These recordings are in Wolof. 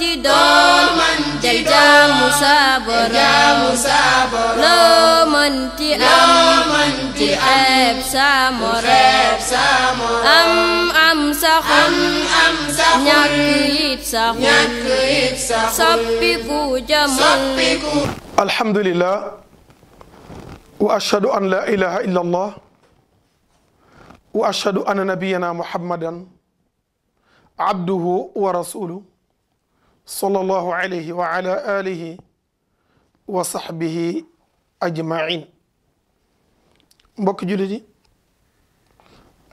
دومن جيجا مصابرا لو من تي أمن تحب سامرا أم أم سخن نكيت سخن سبقو جمل الحمد لله وأشهد أن لا إله إلا الله وأشهد أن نبينا محمدا عبده ورسوله sallallahu alayhi wa ala alihi wa sahbihi mbokk jullit yi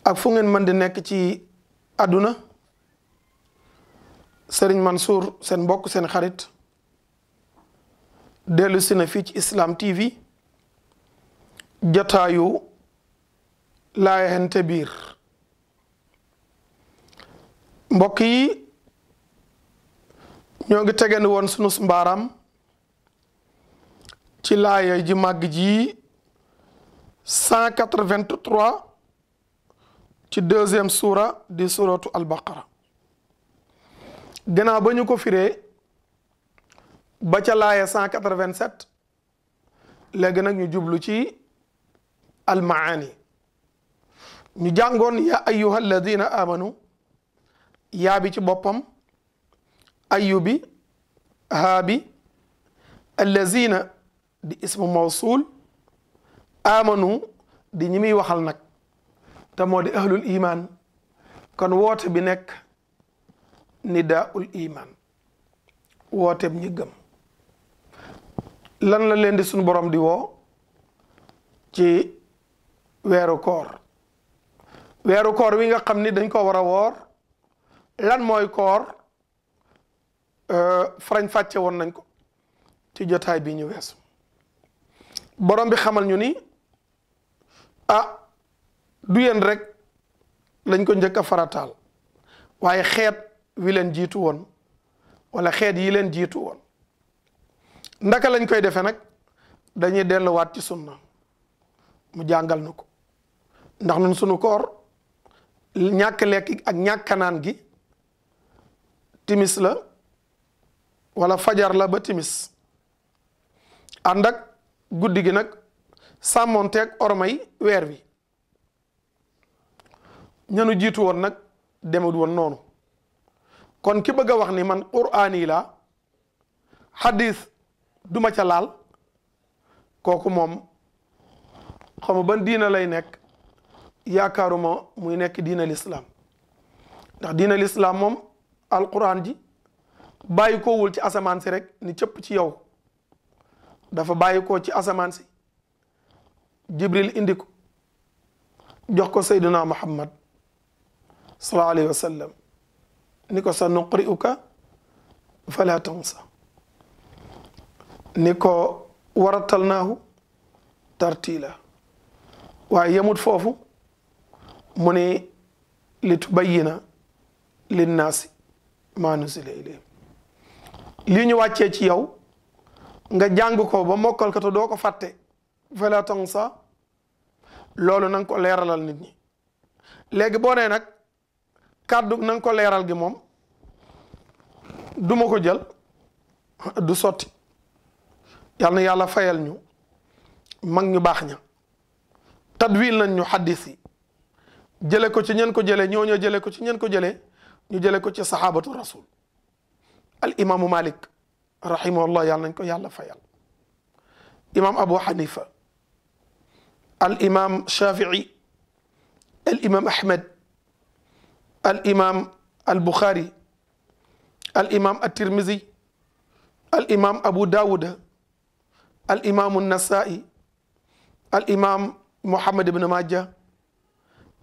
ak fu ngeen mën di nekk ci àdduna Serigne Mansour seen mbokk seen xarit dellusi na fii ci Islam TV jataayu laayante biir mbokk yi ñoo ngi tegandi woon sunu mbaaram ci laaya ji màgg ji cent quatre-vingt-trois ci deuxième suura di suratu albaqara gannaaw ba ñu ko firee ba ca laaya cent quatre-vingt-sept léegi nag ñu jublu ci almaani ñu jàngoon yaa ayyuha alladina amanu yaa bi ci boppam أيوبي هابي الذين دي اسم موصول آمنوا دي نمي وحلنك تمو دي أهل الإيمان كان ووت بنك نداء الإيمان ووت بنيقم لن لن دي سنبرم دي وو جي ويرو كور ويرو كور وينغا قمني دنكو ni dañ ko war a Euh, farañ fàcce woon nañ ko ci jotaay bi ñu weesu bi xamal ñu ni ah du yéen rek lañ ko njëkk a farataal waaye xeet wileen jiitu woon wala xeet yi leen jiitu woon ndaka lañ koy defee nag dañuy delluwaat ci sunna mu jàngal nu ko ndax nun sunu koor ñàkk lekk ak ñàkk naan gi timis la wala fajar la ba timis andak ak guddi gi nag sàmmonteeg ormay wèr wi ñanu jitu won nak demul won nonu kon ki bëgg wax ni man qur'ani la hadith duma ca laal koku mom xam ban diina lay nek yaakaruma muy nek diina l'islam ndax diina alquran ji bàyyi koowul ci asamaan si rek ni cëpp ci yow dafa bàyyi koo ci asamaan si jibril indi ko jox ko sayduna muhammad sallallahu alayhi wa ni ko sa nuqri'uka fala tansa ni ko waratalnaahu tartila waaye yemut foofu mu ne li tubayyina linnaasi maa nusila lii ñu wàccee ci yow nga jàng ko ba mokkal ko te doo ko fàtte fala tansa loolu na nga ko leeralal nit ñi léegi boo nee nag kàddu na nga ko leeral gi moom duma ko jël du sotti yàlla na yàlla fayal ñu mag ñu baax ña tadwil nañ ñu xaddis yi jële ko ci ñen ko jëlee ñoo ña jële ko ci ñen ko jëlee ñu jële ko ci sahabatu rasul الإمام مالك رحمه الله يلا يعني يلا فيلا إمام أبو حنيفة الإمام شافعي الإمام أحمد الإمام البخاري الإمام الترمذي الإمام أبو داود الإمام النسائي الإمام محمد بن ماجه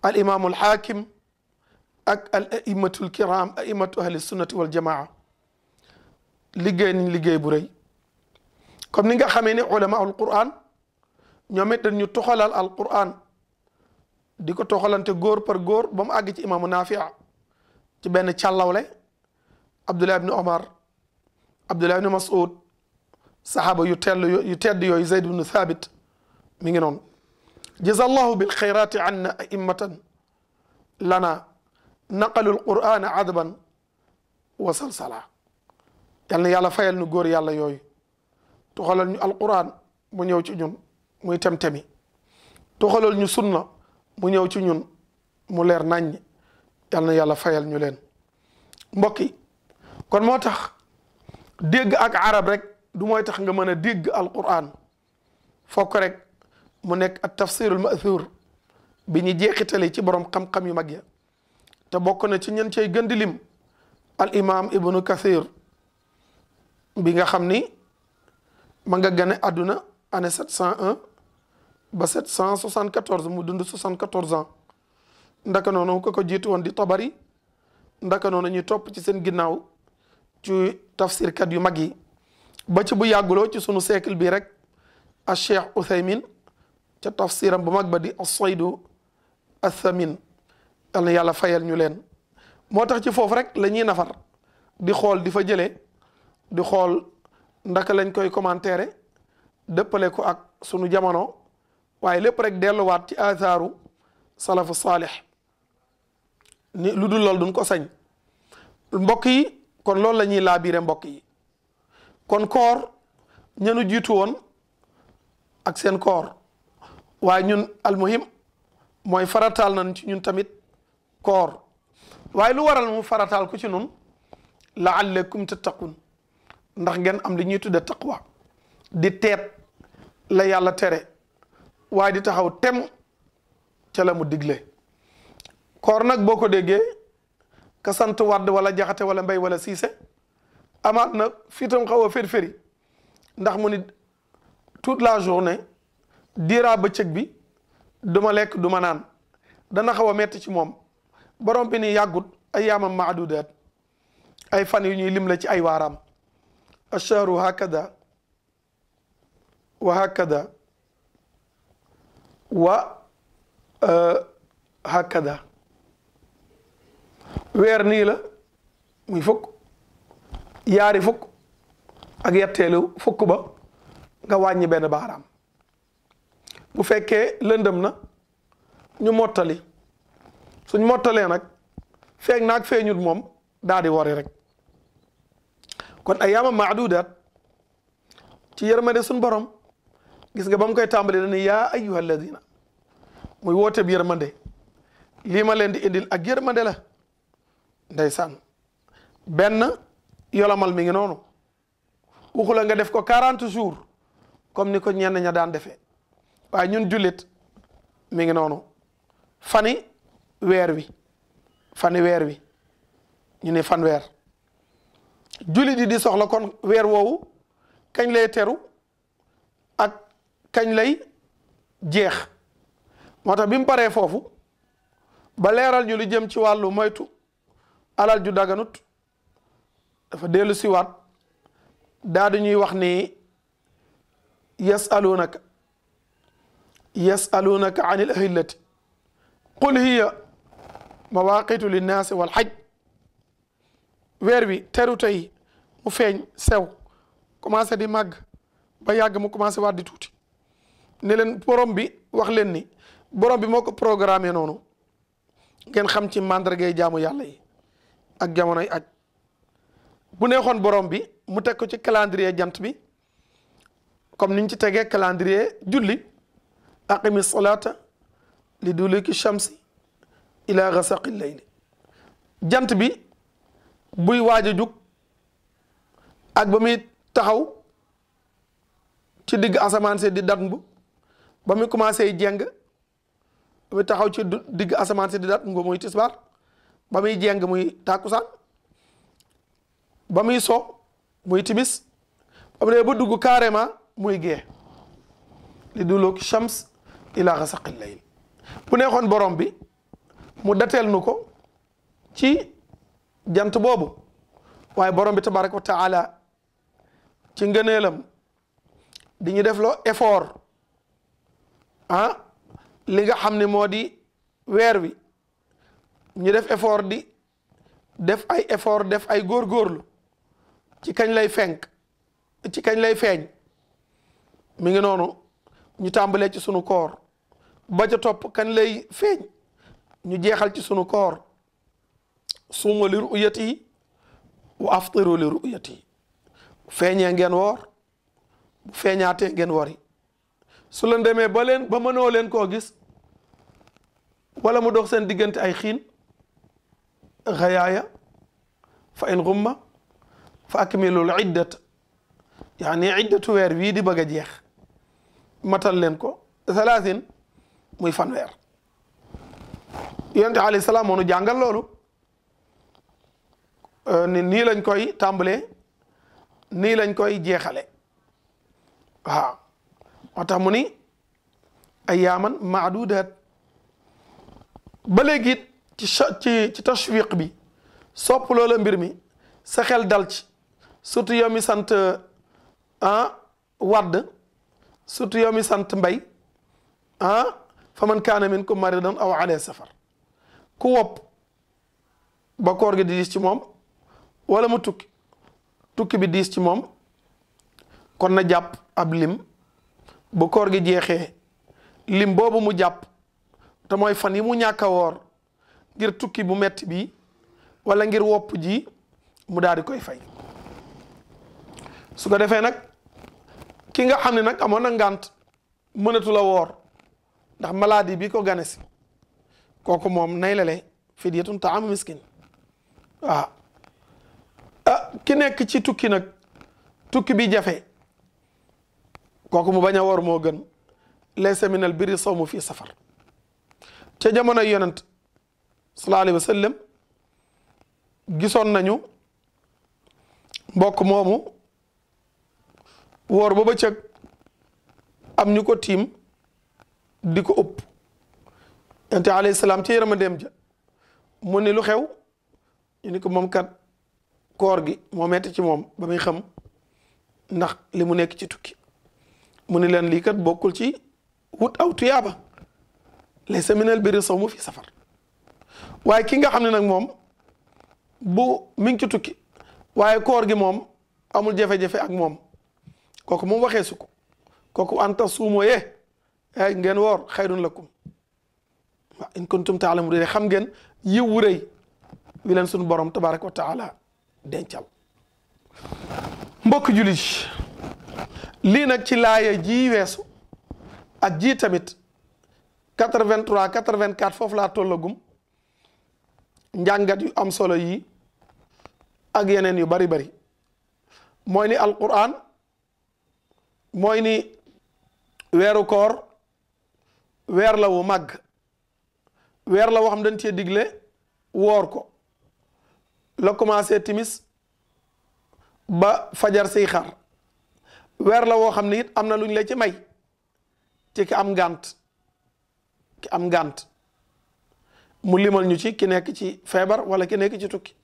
الإمام الحاكم أك الأئمة الكرام أئمة أهل السنة والجماعة liggéey nañ liggéey bu rëy comme ni nga xamee ne ulamaul quran ñoom it dañu toxalal al quran di ko toxalante góor par góor ba mu àgg ci imaamu nafia ci benn càllawle abdullah ibni omar abdullah ibni masud saxaaba yu tell yu tedd yooyu zayd ibnu thabit mi ngi noonu jazallahu bil xayraati anna aimmatan lana naqalu al qur'ana adaban wa salsala يالنا يالا فايل نو غور يالا يوي توخالال نيو القران مو نييو سي نون موي تيم تيمي توخالال نيو سنة مو نييو سي نون مو ناني يلا يلا فايل نيو لين مبوكي كون موتاخ ديغ اك عرب رك دو موي تاخ nga meuna ديغ القران فوك رك مو نيك التفسير الماثور بي ني جيختالي سي بروم خام خام يو ماغي تا بوكنا سي نين سي گندليم الامام ابن كثير bi nga xamni ma nga gane aduna ane 701 ba 774 mu dund 74 ans ndaka nono ko ko jitu won di tabari ndaka nono ñuy top ci seen ginnaw ci kat yu magi ba ci bu yagulo ci sunu siècle bi rek a cheikh Uthaymin ci tafsiram bu mag ba di as-saydu athamin samin na yalla fayal ñu len motax ci fofu rek lañuy nafar di xol di fa jele di xool ndaka lañ koy commentaire dëppale ko ak sunu jamono waaye lépp rek delluwaat ci athaaru salafu saalix ni lu du lool duñ ko sañ mbokk yi kon loolu la ñuy laabire mbokk yi kon koor ñenu jiitu woon ak seen koor waaye ñun almuhim mooy farataal nañ ci ñun tamit koor waaye lu waral mu farataal ko ci nun laallakum tattaqun ndax ngeen am li ñuy tudde taqwa di teet la yàlla tere waaye di taxaw tem ca la mu digle koor nag boo ko déggee sant wadd wala jaxate wala mbay wala siise amaat na fii tam xaw a férféri ndax mu ni toute la journée diiraa bëccëg bi du lekk duma naan dana xaw a metti ci moom borom bi ni yàggut ay yaamam maadudaat ay fan yu ñuy lim la ci ay waaraam الشهر هكذا وهكذا وهكذا weer nii la muy fukk yaari fukk ak yetteelu fukk ba nga wàññi benn baaraam bu fekkee lëndëm na ñu mottali suñ mottalee nag feeg naag feeñut moom daal di wari rek kon ayyaama ma'dudat ci yërmande sun borom gis nga bam koy tambali dana ya ayyuhal ladina muy wote bi yermande lima len di indil ak yermande la ndaysan ben yolamal mi ngi waxu la nga def ko 40 jours comme ni ko ñenn ña daan defé way ñun julit mi ngi nonu fani weer wi fani weer wi ñu ne fan wer jullit yi di soxla kon weer woowu kañ lay teru ak kañ lay jeex moo tax bi mu paree foofu ba leeral ñu lu jëm ci wàllu moytu alal ju daganut dafa dellu siwaat daa di ñuy wax ni yasalunaka yasalunaka an il ahillati qul hiya mawaqitu linnaasi wal xaj weer wi teru tey mu feeñ sew commencé di màgg ba yàgg mu commencé waat di tuuti ne leen borom bi wax leen ni borom bi moo ko programmé noonu ngeen xam ci mandargay jaamu yàlla yi ak jamonoy aj bu neexoon borom bi mu teg ko ci calendrier jant bi comme niñ ci tegee calendrier julli aqimi salata li duluki shamsi ila ghasaqi layli jant bi buy waaj a jug ak ba muy taxaw ci digg asamaan si di dat mbu ba muy commencé jeng ba muy taxaw ci digg asamaan si di dat mbu muy tisbaar ba muy jeng muy tàkkusaan ba muy soo muy timis ba mu dee ba dugg carrément muy gee li duluk shams ila xasaqil layl bu neexoon borom bi mu dateel nu ko ci jant boobu waaye borom bi tabaraka wa taala ci ngëneelam di ñu def loo effort ah li nga xam ni moo di weer wi ñu def effort di def ay effort def ay góorgóorlu ci kañ lay fenk ci kañ lay feeñ mu ngi noonu ñu tàmbalee ci sunu koor ba ca topp kañ lay feeñ ñu jeexal ci sunu koor suuma li ru'yati wa aftiru ru'yati feeñee ngeen woor bu ngeen wori su leen demee ba leen ba mënoo leen koo gis wala mu dox seen diggante ay xiin xayaaya fa in gumma fa akmilul iddat yaani iddatu weer wii di bëgg a jeex matal leen ko salaasin muy fanweer yonent alayhi salaam moo nu jàngal loolu Euh, ni nii lañ koy tàmbalee nii lañ koy jeexale waaw moo tax mu ni ayaaman maadudaat ba léegi ci ci ci bi sopp loola mbir mi sa xel dal ci surtout yow mi sant euh, ah, wadd surtout yow mi sant mbay ah fa man kaana minkum maridan aw ala safar ku wopp ba koor gi di ci moom wala mu tukki tukki bi diis ci moom kon na jàpp ab lim bu koor gi jeexee lim boobu mu jàpp te mooy fan yi mu ñàkk a woor ngir tukki bu metti bi wala ngir wopp ji mu daal di koy fay su ko defee nag ki nga xam ne nag amoon na ngànt mënatu la woor ndax maladie bi ko gane si kooku moom nay lale fidyatun taamu miskin waaw ah ki nekk ci tukki nag tukki bi jafe kooku mu bañ a woor moo gën laysa min biri birri sawmu fii safar ca jamono yonent sallallahu alayhi wa gisoon nañu mbokk moomu woor ba bëccëg am ñu ko tiim di ko ëpp yonent alayhi salaam ci yërmandeem ja mu ni lu xew ñu ni ko moom kat koor gi moo metti ci moom ba muy xam ndax li mu nekk ci tukki mu ni leen lii kat bokkul ci wut aw tuyaaba laysa minal birri sawmu fi safar waaye ki nga xam ne nag moom bu mi ngi tukki waaye koor gi moom amul jafe-jafe ak moom kooku moom waxee su ko kooku anta suumoo yee ay ngeen woor xayrun lakum waaw in kuntum taalamuun xam ngeen yiw wu rëy wi leen suñu borom tabaraka wa taala dencal mbokk jullit lii nag ci laaya ji weesu ak ji tamit 83 84 foofu laa tollagum njàngat yu am solo yi ak yeneen yu bari bari mooy ni alquran mooy ni weeru koor weer la wu màgg weer la woo xam dañ cee digle woor ko la commencé timis ba fajar siy xar weer la woo xam ne it am na luñ la ci may ci ki am ngànt ki am ngànt mu limal ñu ci ki nekk ci feebar wala ki nekk ci tukki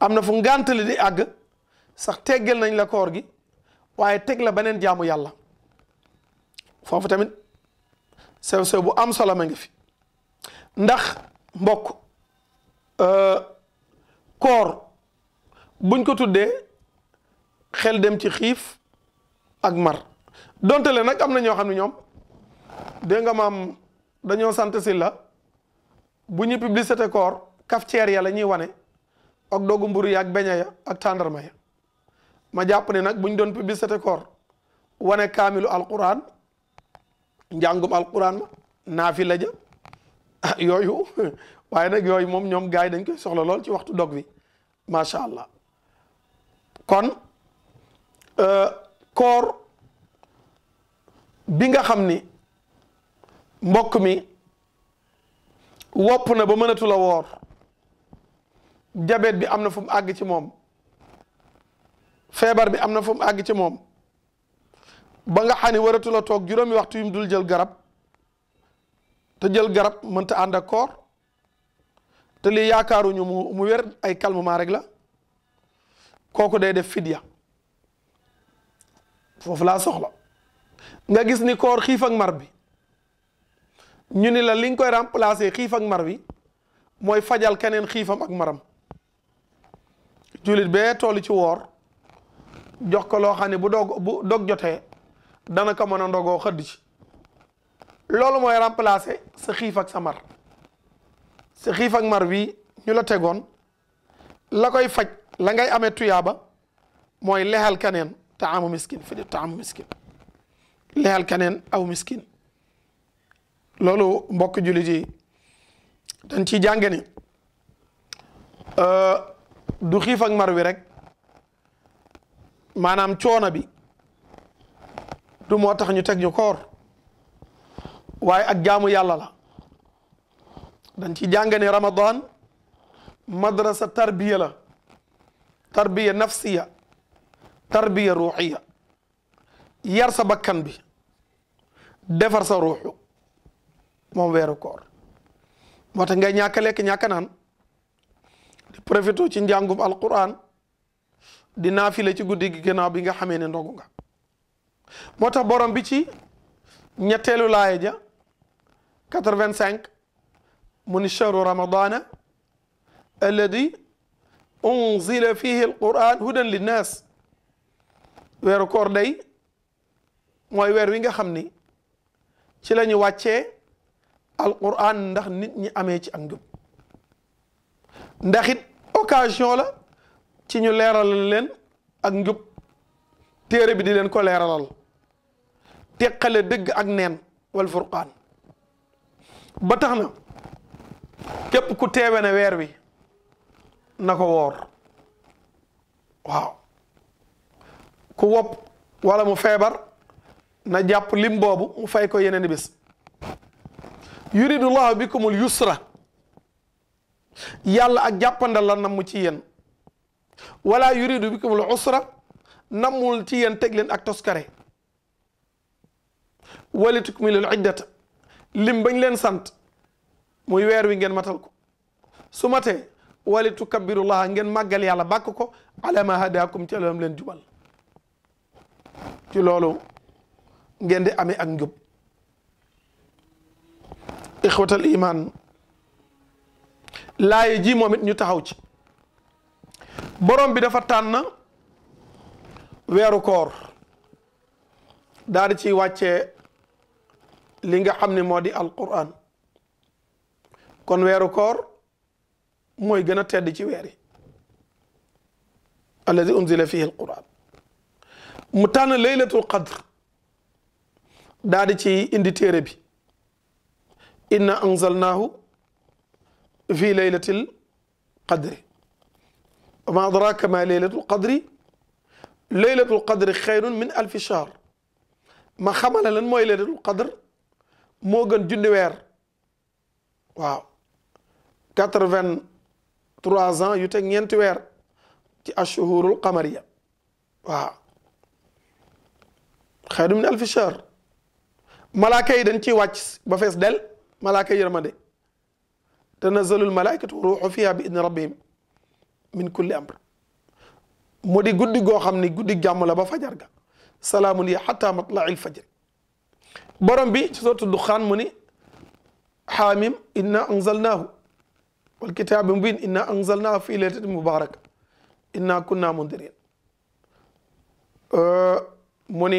am na fu ngànt li di àgg sax teggal nañ la koor gi waaye teg la beneen jaamu yàlla foofu tamit sew sew bu am solo ma ngi fi ndax mbokk euh, koor buñ ko tuddé xel dem ci xif ak mar donte le nak am na xamni ñom ne nga mam dañoo sante ci la buñu ñu publicité koor cafetière ya lañuy wané ak dogu mburu ya ak beña ya ak tandarma ya ma japp ne nak buñ doon publicité koor wané kamilu alquran njàngum alquran ma naafi la ja yooyu waaye nag yooyu moom ñoom gars dañ koy soxla lol ci waxtu dog wi macha allah kon euh, koor bi nga xam ni mbokk mi wopp na ba mënatu la woor jabet bi am na fu mu àgg ci moom feebar bi am na fu mu àgg ci moom ba nga xam ne waratu toog juróomi waxtu yum dul jël garab te jël garab mënta ànd ak koor te yaakaaru ñu mu mu wér ay calmement rek la koku day def fidya fofu la soxla nga gis ni koor xiif ak mar bi ñu ni la li nga koy remplacer xiif ak mar bi mooy fajal keneen xiifam ak maram julit bee toll ci woor jox ko loo xam ne bu dog bu dog jotee dana ko mën xëdd ci loolu mooy remplacer sa xiif ak sa mar si xiif ak mar wi ñu la tegoon la koy faj la ngay amee tuyaaba mooy lexal keneen taamu miskin fi di taamu miskin lexal keneen aw miskin loolu mbokk jullit yi dañ ciy jànge ni euh, du xiif ak mar wi rek maanaam coono bi du moo tax ñu teg ñu koor waaye ak jaamu yàlla la dañ ci jàng ne Ramadan madrasa tarbiya la tarbiya nafsiya tarbiya ruuxiya yar sa bakkan bi defar sa moom weeru koor moo tax ngay ñàkk lekk ñàkk naan di profité ci njàngum alquran di naafile ci guddi gi gannaaw bi nga xamee ne ndogu nga moo tax borom bi ci ñetteelu laaya ja quatre cinq من شهر رمضان الذي أنزل فيه القرآن هدى للناس ويركور لي موي وير ويغا خمني تي لا القرآن ندخ نيت ني امي تي انغب ندخيت اوكازيون لا تي ني ليرال لين اك نغب تيري بي دي لين كو ليرال تيخال دغ اك نين والفرقان ba taxna képp ku teewe ne weer wi na ko woor waaw ku wopp wala mu feebar na jàpp lim boobu mu fay ko yeneen bis yuridullah bikumul yusra yàlla ak jàppande la namm ci yéen wala yuridu bikumul usra nammul ci yéen teg leen ak toskare walitukmilul iddata lim bañ leen sant muy weer wi ngeen matal ko su matee wali tukabbirullaha ngeen màggal yàlla bàkk ko ala ma hadakum ci ci loolu ngeen di ame ak njub ixwatal iman laaye ji moom it ñu taxaw ci borom bi dafa tànn weeru koor daal di ciy wàccee li nga xam ne moo di alquran kon wéru koor moy gëna tedd ci wéri alladhi unzila fihi alquran mu tànn laylatul qadr daal ci indi téré bi inna anzalnahu fi laylatil qadr wama adraka ma laylatul qadri laylatul qadri xayrun min alfi shahr ma xamale lan mooy laylatul qadr moo gën junni weer waaw 83 ans yu tek ñeenti wër ci ashuhurul qamariya waaw xayru min alfi shahr dañ ciy wàcc ba fees del malaaka yi yërmande malaikatu ruuxu fiha bi idni rabbihim min kulli amr mu guddi goo xam guddi jàmm la ba fajar ga salaamun ya xata matla'il fajri borom bi ci sotu duxaan mu ni xaamim inna wal kitaabi mubin inna anzalnaa fi laylatin mubaraka inna kunna mundirin euh, mu ni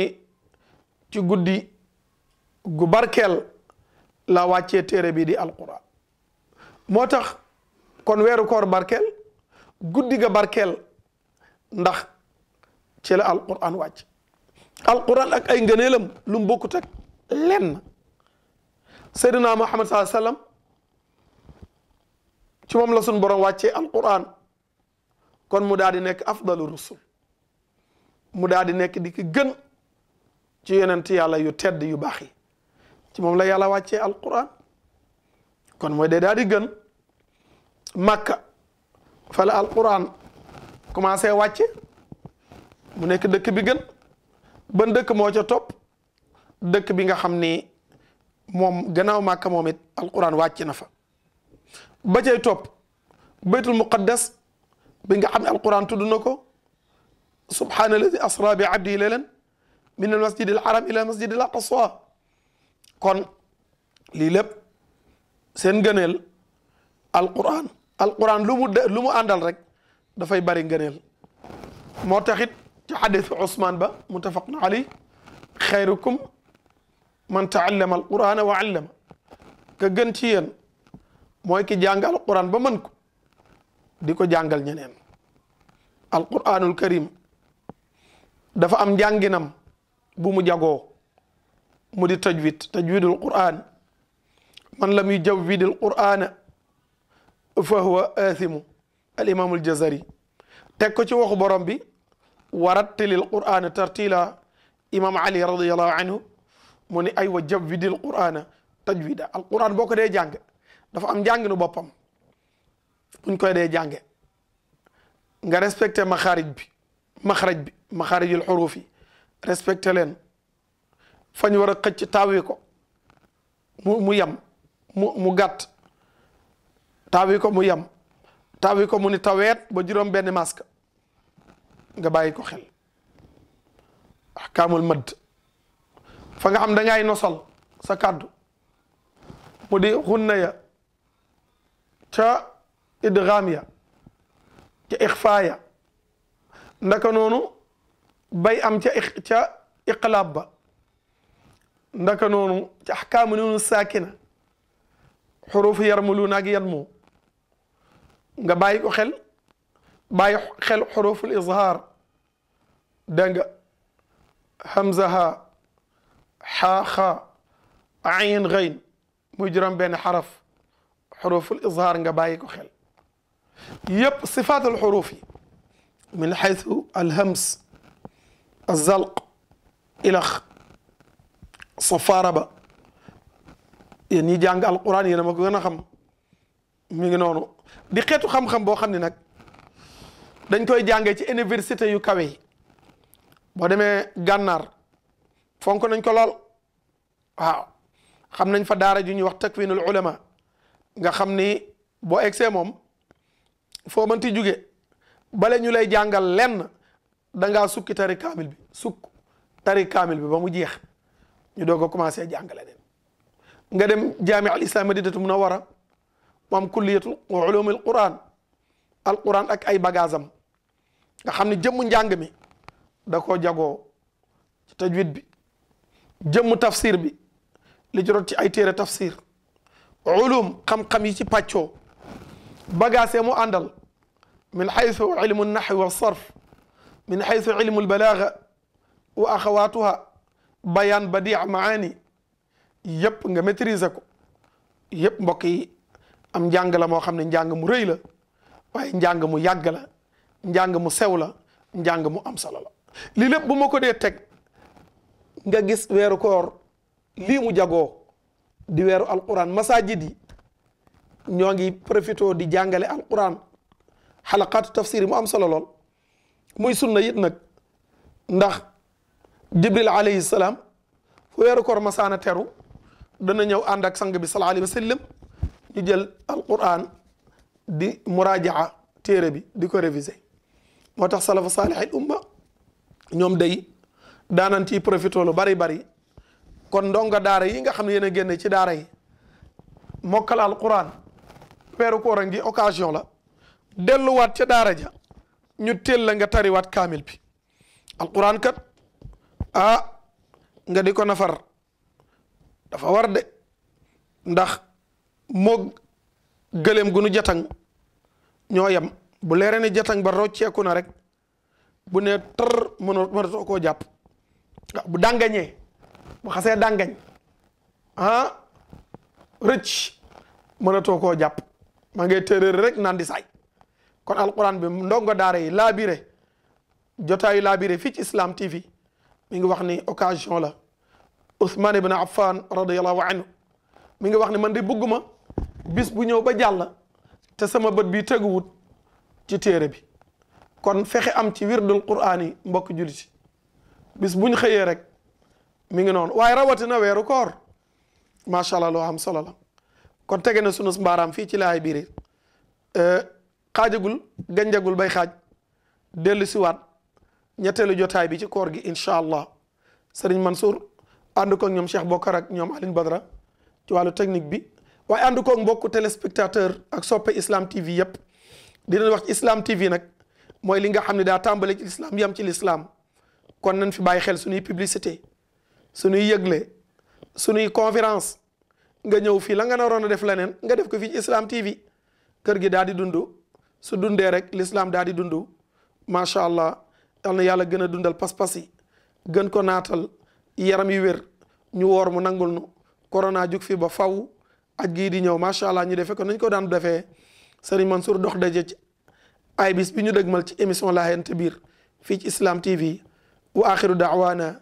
ci guddi gu barkel la wàccee téere bi di alquran moo tax kon weeru koor barkeel guddi ga barkeel ndax ci la alquran wàcc alquran ak ay ngëneelam lu mu bokkut ak lenn Seydina Muhammad sallam ci moom la suñ borom wàccee alquran kon mu daal di nekk afdalu rusul mu daal di nekk dikk gën ci yonent yàlla yu tedd yu baax yi ci moom la yàlla wàccee alquran kon mooy day daal di gën màkka fa la alquran commencé wàcce mu nekk dëkk bi gën ban dëkk moo ca topp dëkk bi nga xam ni moom gannaaw màkka moom it alquran wàcc na fa ba cay topp baytul muqaddas bi nga xam ne alquran tudd na ko subhaana alladi asra bi abdihi laylan min al masjid al haram ila masjid al aqsa kon lii lépp seen ngëneel alquran alquran lu mu lu mu àndal rek dafay bari ngëneel moo taxit ci xadisu Ousmane ba muttafaqun alayhi xayrukum man taallama alqurana wa allama ka gën ci yéen mooy ki jàng alquran ba mën ko di ko jàngal ñeneen alquranul karim dafa am njànginam bu mu jagoo mu di tajwid tajwidul quran man lam yujawwidil qur'ana fa huwa aathimu al imaamul jazari ko ci waxu borom bi warattilil qur'ana tartila imam ali radiyallahu anhu mu ni ay wa jawwidil tajwida alquran boo ko dee jàng dafa am njànginu boppam buñ koy dee jànge nga respecté maxaarij bi maxaraj bi maxaarijul xuruuf yi respecté leen fañ war a xëcc taawi ko mu mu yem mu mu gàtt taawi ko mu yem taawi ko mu ni taweet ba juróom benn masque nga bàyyi ko xel kaamul mëdd fa nga xam da nosol sa kàddu mu di xunna ca idgham ya ca ixfaa ya ndaka noonu bay am ca ca iqlaab ba ndaka noonu ca axkaamu noonu saakina xuruufu yarmuluuna ak yadmu nga bàyyi ko xel bàyyi xel xuruuful izhaar dégg nga hamzaha xaaxa ayn gayn muy juróom benn xaraf xuruful izhaar nga bàyyi ko xel yëpp sifaatul xuruf yi min xaytu alhams azalq ilax safaara ba yéen ñi jàng alquran yéen a ma ko gën a xam mi ngi noonu di xeetu xam-xam boo xam ne nag dañ koy jàngee ci université yu kawe yi boo demee gànnaar fonk nañ ko lool waaw xam nañ fa daara ju ñuy wax takwinul ulama nga xam ni boo egsee moom foo mënti jóge bale ñu lay jàngal lenn da ngaa sukki tari kaamil bi sukk tari kaamil bi ba mu jeex ñu doog a commencé jàngale de nga dem jaami al islam madinatu munawara mu am kulliyatu wa ulumi al quran al quran ak ay bagaasam nga xam ne jëmm njàng mi da ko jagoo ci tajwid bi jëmm tafsir bi li ci rot ci ay téere tafsir ulum xam-xam yi ci pacco bagaasee mu àndal min xaysu ilmu naxwi wa sarf min xaysu ilmu lbalaaga wa axawaatuha bayaan badia maani yëpp nga maîtriser ko yëpp mbokk yi am njàng la moo xam ne njàng mu rëy la waaye njàng mu yàgg la njàng mu sew la njàng mu am solo lii lépp bu ma ko dee teg nga gis weeru koor liimu mu jagoo di weeru alquran masajid yi ñoo ngi profité di jàngale alquran xalaqaatu tafsir yi mu am solo lool muy sunna it nag ndax jibril alayhi salaam fu weeru koor masaana teru dana ñëw ànd ak sang bi sallallahu alayhi wa sallam ñu jël alquran di muraajaa téere bi di ko réviser moo tax salafa saalih al umma ñoom day daanan ti profité lu bari bari kon ndonga daara yi nga xam ne yéen a génne ci daara yi mokkal alquran weeru koor a ngi occasion la delluwaat ca daara ja ñu teel la nga tariwaat kaamil bi alquran kat ah nga di ko nafar dafa war de ndax moo gëleem gu nu jatang ñoo yem bu leeree ne jatang ba rocceeku na rek bu ne tër mënatoo koo jàpp bu dàngañee bu xasee dàngañ ah rëcc mënatoo ko jàpp maa ngay tërër rek naan di kon alquran bi ndongo daara yi laabire jotaayu laabire fii ci Islam TV mi ngi wax ni occasion la Ousmane ibn Affan radiyallahu anhu mi ngi wax ni man de bëgguma bis bu ñëw ba jàll te sama bët bi teguwut ci téere bi kon fexe am ci wirdul quraan yi mbokk jullit bis buñ xëyee rek mingi non noonu rawati na wéru koor ma sha allah lo am solo la kon tege na sunu mbaram fi ci lay biir euh xaajagul ganjagul bay xaj delu ci wat ñettelu jotay bi ci koor gi insha allah Serigne Mansour ànd ko ñom Cheikh bokkar ak ñom Aline Badra ci walu technique bi way ànd ko mbokk téléspectateur ak soppe Islam TV yëpp dinañ wax Islam TV nak moy li nga xamni da tàmbale ci islam yam ci l'islam kon nañ fi baye xel suñu publicité suñuy yeglé suñuy conférence nga ñew fi la nga naroon a def lenen nga def ko fi islam tv kër gi daal di dundu su dundé rek l'islam daal di ma sha allah yalla yalla gëna dundal pas-pas yi gën ko natal yaram yi wër ñu wor mu nangul nu corona juk fi ba faw aj gi di ma sha allah ñu defee ko nañ ko daan defé Serigne Mansour dox daje ci ay bis bi ñu deggmal ci émission hen tabir fi ci Islam TV wa akhiru da'wana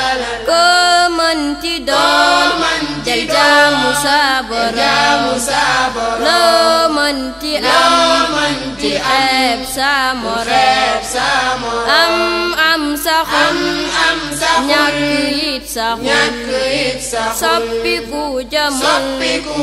mënti doon del jaamu sa borom loo mënti am di xeeb sa morom am am saxul ñàkk it saxul soppiku jamono